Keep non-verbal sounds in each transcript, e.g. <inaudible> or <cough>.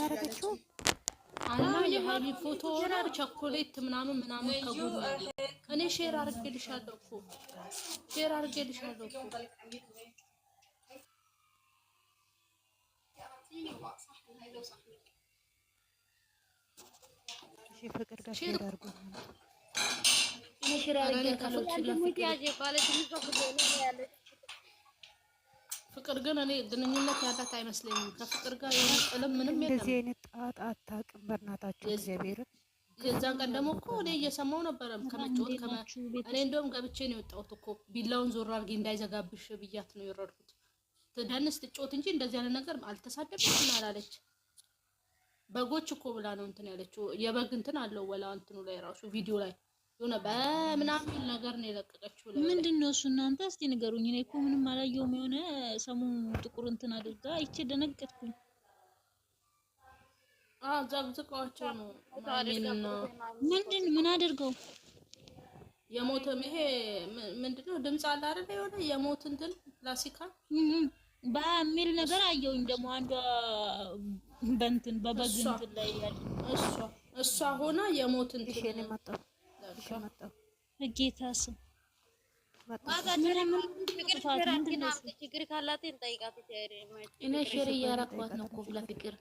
ያደረገችው ፎቶ ሆና ቸኮሌት ምናምን ምናምን ከጎኑ እኔ ሼር አድርጌልሻለሁ እኮ ሼር አድርጌልሻለሁ እኮ ፍቅር ጋር ሼር አድርጉ። እኔ ፍቅር ግን እኔ ግንኙነት ያላት አይመስለኝም። ከፍቅር ጋር የሆነ ጥልም ምንም የለም። እንደዚህ አይነት ጣጣ አታውቅም። በእናታችሁ እግዚአብሔር የዛን ቀን ደግሞ እኮ እኔ እየሰማው ነበረ ከመጫወት ከመ እኔ እንደውም ገብቼ ነው የወጣሁት እኮ ቢላውን ዞር አድርጊ እንዳይዘጋብሽ ብያት ነው የወረድኩት። ትደንስ ትጮት እንጂ እንደዚህ አይነት ነገር አልተሳደብም አላለች። በጎች እኮ ብላ ነው እንትን ያለችው። የበግ እንትን አለው ወላ እንትኑ ላይ ራሱ ቪዲዮ ላይ የሆነ በምናምን ነገር ነው የለቀቀችው። ምንድን ነው እሱ? እናንተ እስቲ ንገሩኝ። እኔ እኮ ምንም አላየሁም። የሆነ ሰሞኑን ጥቁር እንትን አድርጋ አይቼ ደነገጥኩኝ። ዘግዝቀዋቸው ነው። ምንድን ምን አድርገው የሞተ ይሄ ምንድን ነው ድምፅ አለ አይደል? የሆነ የሞት እንትን ላሲካል በሚል ነገር አየሁኝ። ደግሞ አንዷ በእንትን በበግ እንትን ላይ ያለ እሷ እሷ ሆና የሞት እንትን በጌታ ስም ችግር ካላት እንጠይቃት። እኔ ሼር እያረኳት ነው እኮ ለፍቅር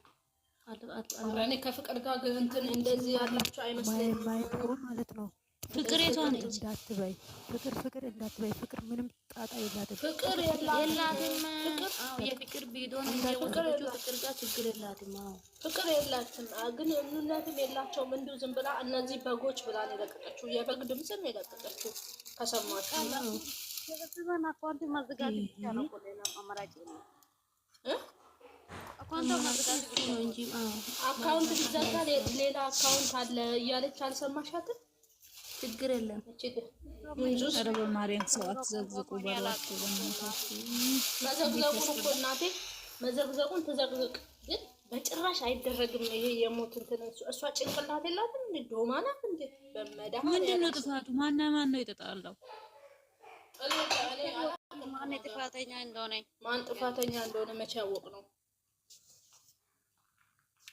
ከፍቅር ጋር እንትን እንደዚህ ያላቸው አይመስለኝም ማለት ነው። ፍቅር የቷ ነች እንዳትበይ፣ ፍቅር ፍቅር እንዳትበይ። ፍቅር ምንም ጣጣ የላትም። ፍቅር የላትም። የፍቅር ቢሆን ፍቅር ጋር ችግር የላትም። ፍቅር የላትም፣ ግን እምነትም የላቸውም። እንዲሁ ዝም ብላ እነዚህ በጎች ብላ ነው የለቀቀችው። የበግ ድምፅ ነው የለቀቀችው። ከሰማችሁ አካውንት ማዘጋጀት ብቻ ነው አማራጭ አካውንት ቢዘጋ ሌላ አካውንት አለ እያለች አልሰማሻትም? ችግር የለም። ኧረ በማርያም ሰው አትዘግዝቁ በሏቸው። መዘግዘቁን እኮ እናቴ መዘግዘቁን ትዘግዝቅ ግን በጭራሽ አይደረግም። ይሄ የሞት እንትን እሷ ጭንቅላት የላትም እንዴ? ዶማ ናት እንዴ? በመድኃኒዓለም ምንድን ነው ጥፋቱ? ማና ማን ነው የተጣላው? ማን ጥፋተኛ እንደሆነ ማን ጥፋተኛ እንደሆነ መቼ ያወቅ ነው?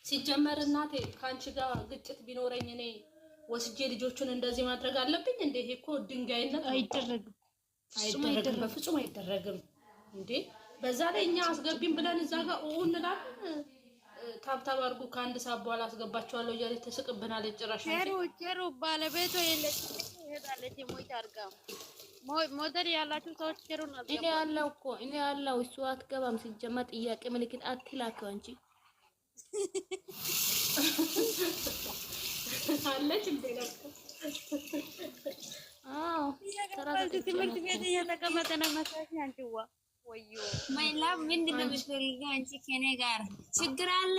ሲጀመር እናቴ ከአንቺ ጋር ግጭት ቢኖረኝ እኔ ወስጄ ልጆቹን እንደዚህ ማድረግ አለብኝ እንዴ? ይሄ እኮ ድንጋይነት አይደረግም፣ አይደረግም፣ በፍጹም አይደረግም። እንዴ በዛ ላይ እኛ አስገቢም ብለን እዛ ጋር ኡ እንላለን። ታብታብ አድርጉ ከአንድ ሰዓት በኋላ አስገባቸዋለሁ እያለች ትስቅብናለች። ጭራሽ ሩ ሩ ባለቤቷ የለችም ይሄዳለች። የሞት አድርጋ ሞተር ያላችሁ ሰዎች ሩን እኔ ያለው እኮ እኔ ያለው እሱ አትገባም። ሲጀመር ጥያቄ ምልክት አትላከው እንጂ <laughs> አለች እንዴ ነበር? አዎ ትምህርት ቤት እየተቀመጠ ነው መሰለኝ። አንቺዋ ወይዬ ማይላ ምንድን ነው ጋር ችግር አለ?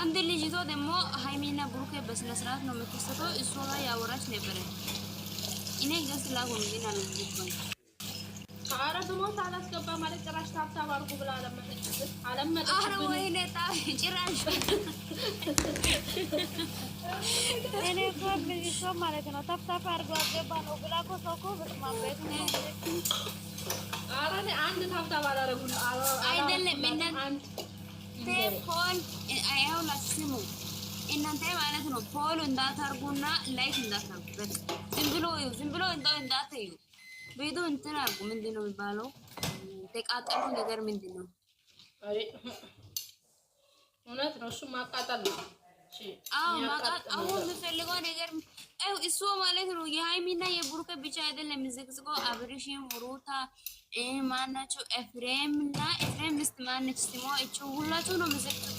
አንድ ልጅቷ ደግሞ ሀይሚና ብሩኬ በስነ ስርዓት ነው የምትሰጠው። እሷ ላይ ያወራች ነበረ። እኔ ገስ ላሆን ግን አልልጅ አረ ብሞት አላስገባ ማለት ጭራሽ ታብታብ አድርጉ ብላ አለመጠ አረ ወይ ነጣ ጭራሽ እኔ እኮ ማለት ነው ታብታብ አድርጎ አስገባ ነው ብላ እኮ ሰው እኮ አያው ስሙ እናንተ ማለት ነው። ፖሉ እንዳታርጉና ላይክ እንዳታርጉ ዝም ብሎ ዝም ብሎ እንደው እንዳትዩ ቤቱ እንትን አርጉ። ምንድን ነው የሚባለው? ተቃጠሉ ነገር ምንድን ነው? እውነት ነው እሱ ማቃጠል ነው። አዎ አሁን የምፈልገው ነገር እሱ ማለት ነው የሃይሚና የቡሩከ ብቻ አይደለም። ዝግዝቆ አብርሽም ሩታ ይህ ማናቸው? ኤፍሬም እና ኤፍሬም ሚስት ማነች? ስሟ ይችው። ሁላችሁ ነው መዘግጥቆ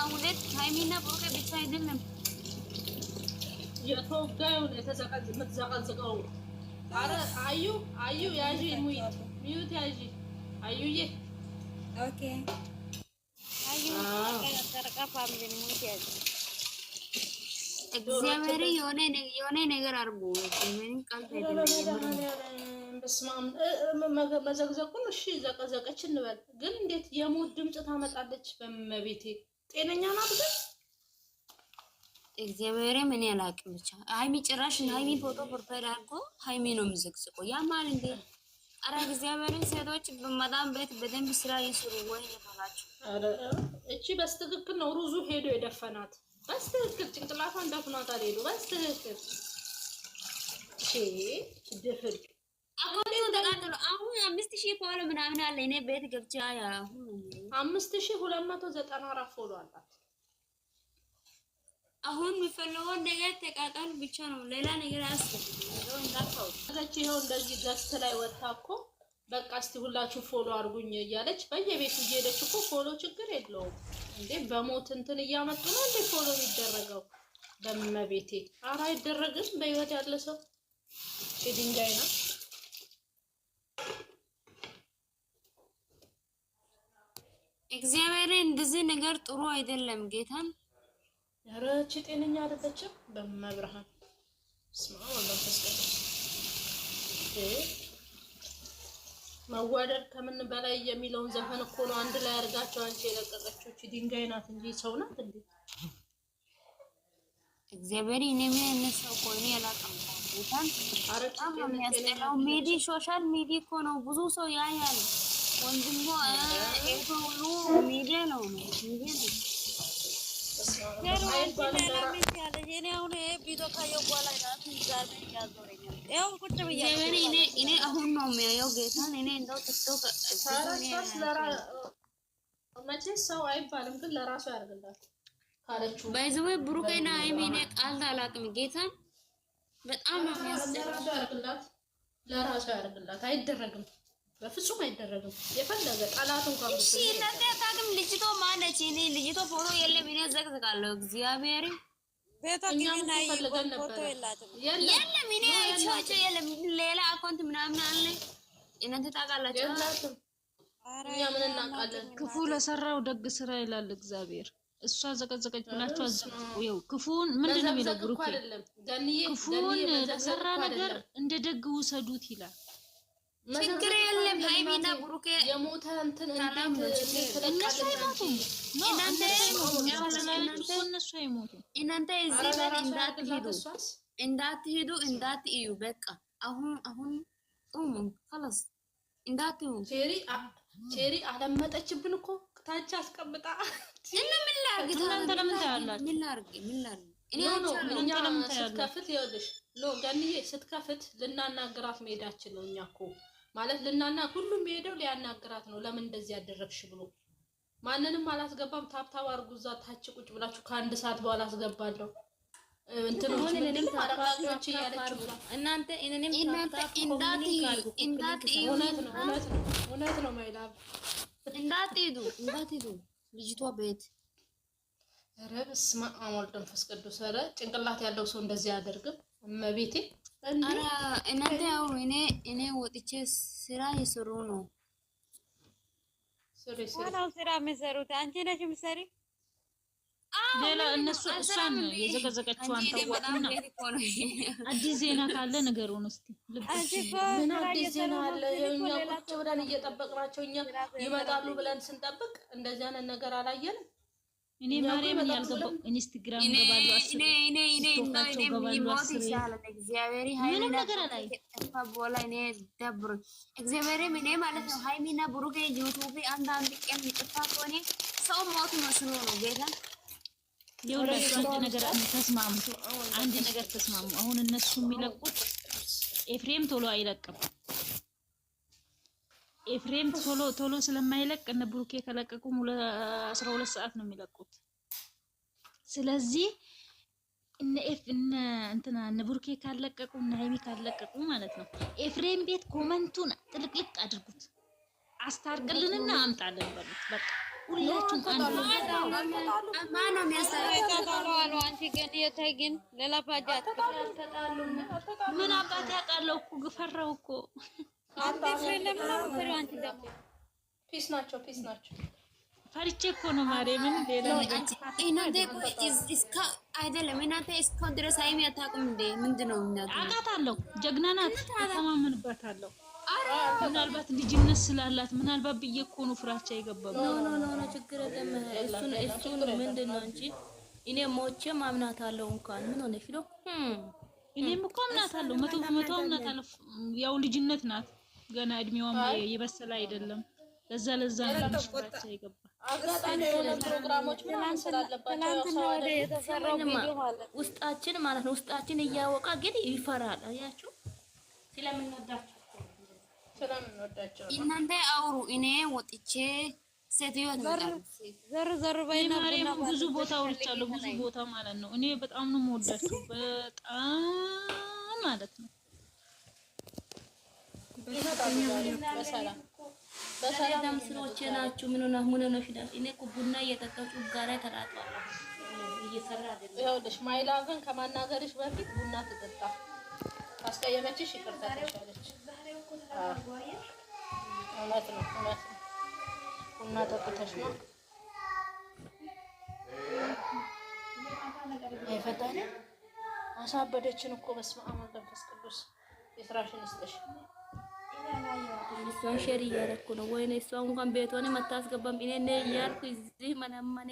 አሁለት ሃይሚና ብሩኬ ብቻ አይደለም የተወጋዩ የምትዘቀዝቀው። ኧረ አዩ አዩ ያዥ ሚዩት ሚዩት ያዥ አዩዬ እግዚአብሔር የሆነ ነገር አድርጎ በስመ መዘግዘቁን እሺ ዘቀዘቀች እንበል፣ ግን እንዴት የሞት ድምፅ ታመጣለች? በመቤቴ ጤነኛ ናት ግን እግዚአብሔር ምን ያላቅም ብቻ ሃይሚ ጭራሽ ሃይሚ ፎቶ ፕሮፋይል አድርጎ ሃይሚ ነው የምዘግዝቆ ያ ማል እንዴ! አረ እግዚአብሔርን ሴቶች በመዳም ቤት በደንብ ስራ ይስሩ ወይ ይባላችሁ። አረ እቺ በስትክክል ነው ሩዙ ሄዶ የደፈናት በስትክክል ጭንቅላቷን ደፍኗታል ሄዶ በስትክክል እሺ ድፍር አካውንቱ ተቃጥሎ አሁን አምስት ሺህ ፎሎ ምናምን አለ። እኔ ቤት ገብቼ አሁን አምስት ሺህ ሁለት መቶ ዘጠና አራት ፎሎ አላት። አሁን የሚፈለገው ነገር ተቃጠሉ ብቻ ነው። ሌላ ነገር አያስፈልግም። ይኸው እንደዚህ ገስት ላይ ወጣ እኮ በቃ እስቲ ሁላችሁ ፎሎ አድርጉኝ እያለች በየቤቱ እየሄደች እኮ ፎሎ ችግር የለውም እንዴ! በሞት እንትን እያመጡ ነው እንዴ ፎሎ የሚደረገው? በመቤቴ አራ አይደረግም። በህይወት ያለ ሰው ድንጋይ ነው። እግዚአብሔር እንደዚህ ነገር ጥሩ አይደለም። ጌታን ያረች ጤነኛ አይደለችም። በመብርሃን ስማ ወላሂ ተስቀደ መዋደድ ከምን በላይ የሚለውን ዘፈን እኮ ነው አንድ ላይ አድርጋቸው አንቺ የለቀቀችው እቺ ድንጋይ ናት እንጂ ሰው ናት እንዴ? እግዚአብሔር ይነሚ እነሰው ቆኒ ያላቀም ጌታን አረጫ የሚያስጠላው ሚዲ ሶሻል ሚዲ እኮ ነው ብዙ ሰው ያያል። ወንድሞ ይሄ እኔ አሁን ነው የሚያየው ጌታን። እኔ እንደው ቲክቶክ መቼም ሰው አይባልም፣ ግን ለራሱ ያደርግላት ካለችው ባይዘዌ ብሩኬና ሃይሚ እኔ ቃል አላውቅም። ጌታን በጣም ነው የሚያስደርግላት። ለራሱ ያደርግላት አይደረግም በፍጹም አይደረግም። የፈለገ ጠላት እንኳን እሺ፣ እናንተ አታውቅም። ልጅቶ ማነች? እኔ ልጅቶ ፎቶ የለም እኔ ዘቅዝቃለሁ። እግዚአብሔር የለም እኔ አይቼዋቸው የለም። ሌላ አካውንት ምናምን አለ። እናንተ ታውቃላችሁ። እኛ ምን እናውቃለን? ክፉ ለሰራው ደግ ስራ ይላል እግዚአብሔር። እሷ ዘቀዘቀች ብላችሁ ክፉን ምንድን ነው የሚነግሩት? ክፉን ለሰራ ነገር እንደ ደግ ውሰዱት ይላል ችግር የለም። ሀይሚና ብሩኬ የሞተ እንትን እናንተ እዚህ በር እንዳትሄዱ እንዳትሄዱ እንዳትዩ በቃ አሁን አሁን ቁሙ ከላስ እንዳትዩ። ቼሪ አለመጠችብን እኮ ታች አስቀምጣ እና ምን ላርግ ምን ላርግ ምን ላርግ ስትከፍት ይኸውልሽ፣ ኖ ገንዬ ስትከፍት ልናናግራት መሄዳችን ነው እኛ እኮ ማለት ልናና ሁሉም የሄደው ሊያናግራት ነው። ለምን እንደዚህ ያደረግሽ ብሎ ማንንም አላስገባም። ታብታብ አድርጉ። እዛ ታች ቁጭ ብላችሁ ከአንድ ሰዓት በኋላ አስገባለሁ እንዳትሄዱ እንዳትሄዱ ልጅቷ ቤት ኧረ በስመ አብ ወወልድ ወመንፈስ ቅዱስ። ኧረ ጭንቅላት ያለው ሰው እንደዚህ አያደርግም። እመቤቴ እናንተ ያው እኔ እኔ ወጥቼ ስራ እየሰሩ ነው። ዋናው ስራ የሚሰሩት አንቺ ነሽ የምትሰሪ። ሌላ እነሱ እሷን የዘቀዘቀችው አንተ አዲስ ዜና ካለ ንገሩን እስኪ። ምን አዲስ ዜና አለ? የኛ ቁጭ ብለን እየጠበቅናቸው እኛ ይመጣሉ ብለን ስንጠብቅ እንደዚህ አይነት ነገር አላየንም። እኔ ማርያምን ያልገባው ኢንስታግራም ገባሉ ምንም ነገር እኔ ማለት ነው ሃይሚና ብሩጌ ዩቱብ አንዳንድ ቀን የሚጠፋ ከሆነ ሰው መስሎ ነው ጌታ የሁላችሁ አንድ ነገር ተስማሙ። አንድ ነገር ተስማሙ። አሁን እነሱ የሚለቁት ኤፍሬም ቶሎ አይለቅም። ኤፍሬም ቶሎ ቶሎ ስለማይለቅ እነ ብሩኬ ከለቀቁም አስራ ሁለት ሰዓት ነው የሚለቁት። ስለዚህ እነ ኤፍ እነ እንትና እነ ብሩኬ ካለቀቁ እነ ሀይሚ ካለቀቁ ማለት ነው ኤፍሬም ቤት ኮመንቱን ጥልቅልቅ አድርጉት፣ አስታርቅልንና አምጣልን በሉት። በቃ ሁላችሁም አንዱ ማነው የሚያሳየው? አንቺ ግን የታይ ግን ሌላ ፓጃት ምን አባት ያውቃለው እኮ ግፈራው እኮ ፒስ ናቸው ፒስ ናቸው። ፈርቼ እኮ ነው ማርያምን። እናንተ እኮ አይደለም እናንተ እስከ ድረስ አይሚ አታውቅም እንዴ? ምንድን ነው የሚናገረው? አውቃታለሁ፣ ጀግና ናት፣ ተማመንባታለሁ። ምናልባት ልጅነት ስላላት ምናልባት ብዬ እኮ ነው ፍራቻ የገባው። ኖ ችግር የለም። እሱን እሱን ምንድን ነው እንጂ እኔ ሞቼም አምናታለሁ። እንኳን ምን ሆነሽ ነው? እኔም እኮ አምናታለሁ፣ መቶ በመቶ አምናታለሁ። ያው ልጅነት ናት ገና እድሜዋም የበሰለ አይደለም። ለዛ ለዛ ውስጣችን ማለት ነው ውስጣችን እያወቃ ግን ይፈራል። አያችሁ ስለምንወዳቸው እናንተ አውሩ። እኔ ወጥቼ ብዙ ቦታ ወርቻለሁ። ብዙ ቦታ ማለት ነው። እኔ በጣም ነው የምወዳቸው በጣም ማለት ነው በሰላም ስሮቼ ናችሁ። ምን ሆነ ምን ሆነ? እኔ እኮ ቡና እየጠጣሁ ጩጋ ላይ ተላጧል። ይኸውልሽ ማይላቭን ከማናገርሽ በፊት ቡና ትጠጣ። ካስቀየመችሽ ይቅርታ ትሻለች። እውነት ነው፣ እውነት ነው። ቡና ጠጥተሽ ነው አይፈታንም። አሳበደችን እኮ በስመ አብ ወመንፈስ ቅዱስ የስራሽን ይስጥሽ። እሷን ሼር እያደረኩ ነው። ወይኔ እሷ እንኳን ቤቷን የማታስገባም እኔ ነኝ እያልኩ እዚህ መለመኔ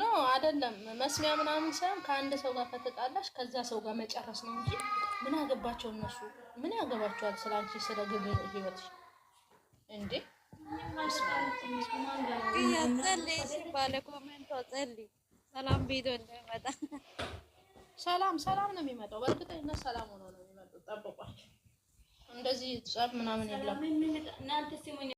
ኖ አይደለም መስሚያ ምናምን ሳይሆን ከአንድ ሰው ጋር ከተጣላሽ ከዛ ሰው ጋር መጨረስ ነው እንጂ ምን አገባቸው እነሱ? ምን ያገባቸዋል? ስለ አንቺ ስለ ግብ ህይወት እንዴ እያጸልይ ባለ ኮሜንቶ ጸልይ ሰላም ቤቶ እንደመጣ ሰላም ሰላም ነው የሚመጣው። በእርግጠኝነት ሰላም ሆኖ ነው የሚመጣው። ጠብቋቸው። እንደዚህ ጸብ ምናምን የለም።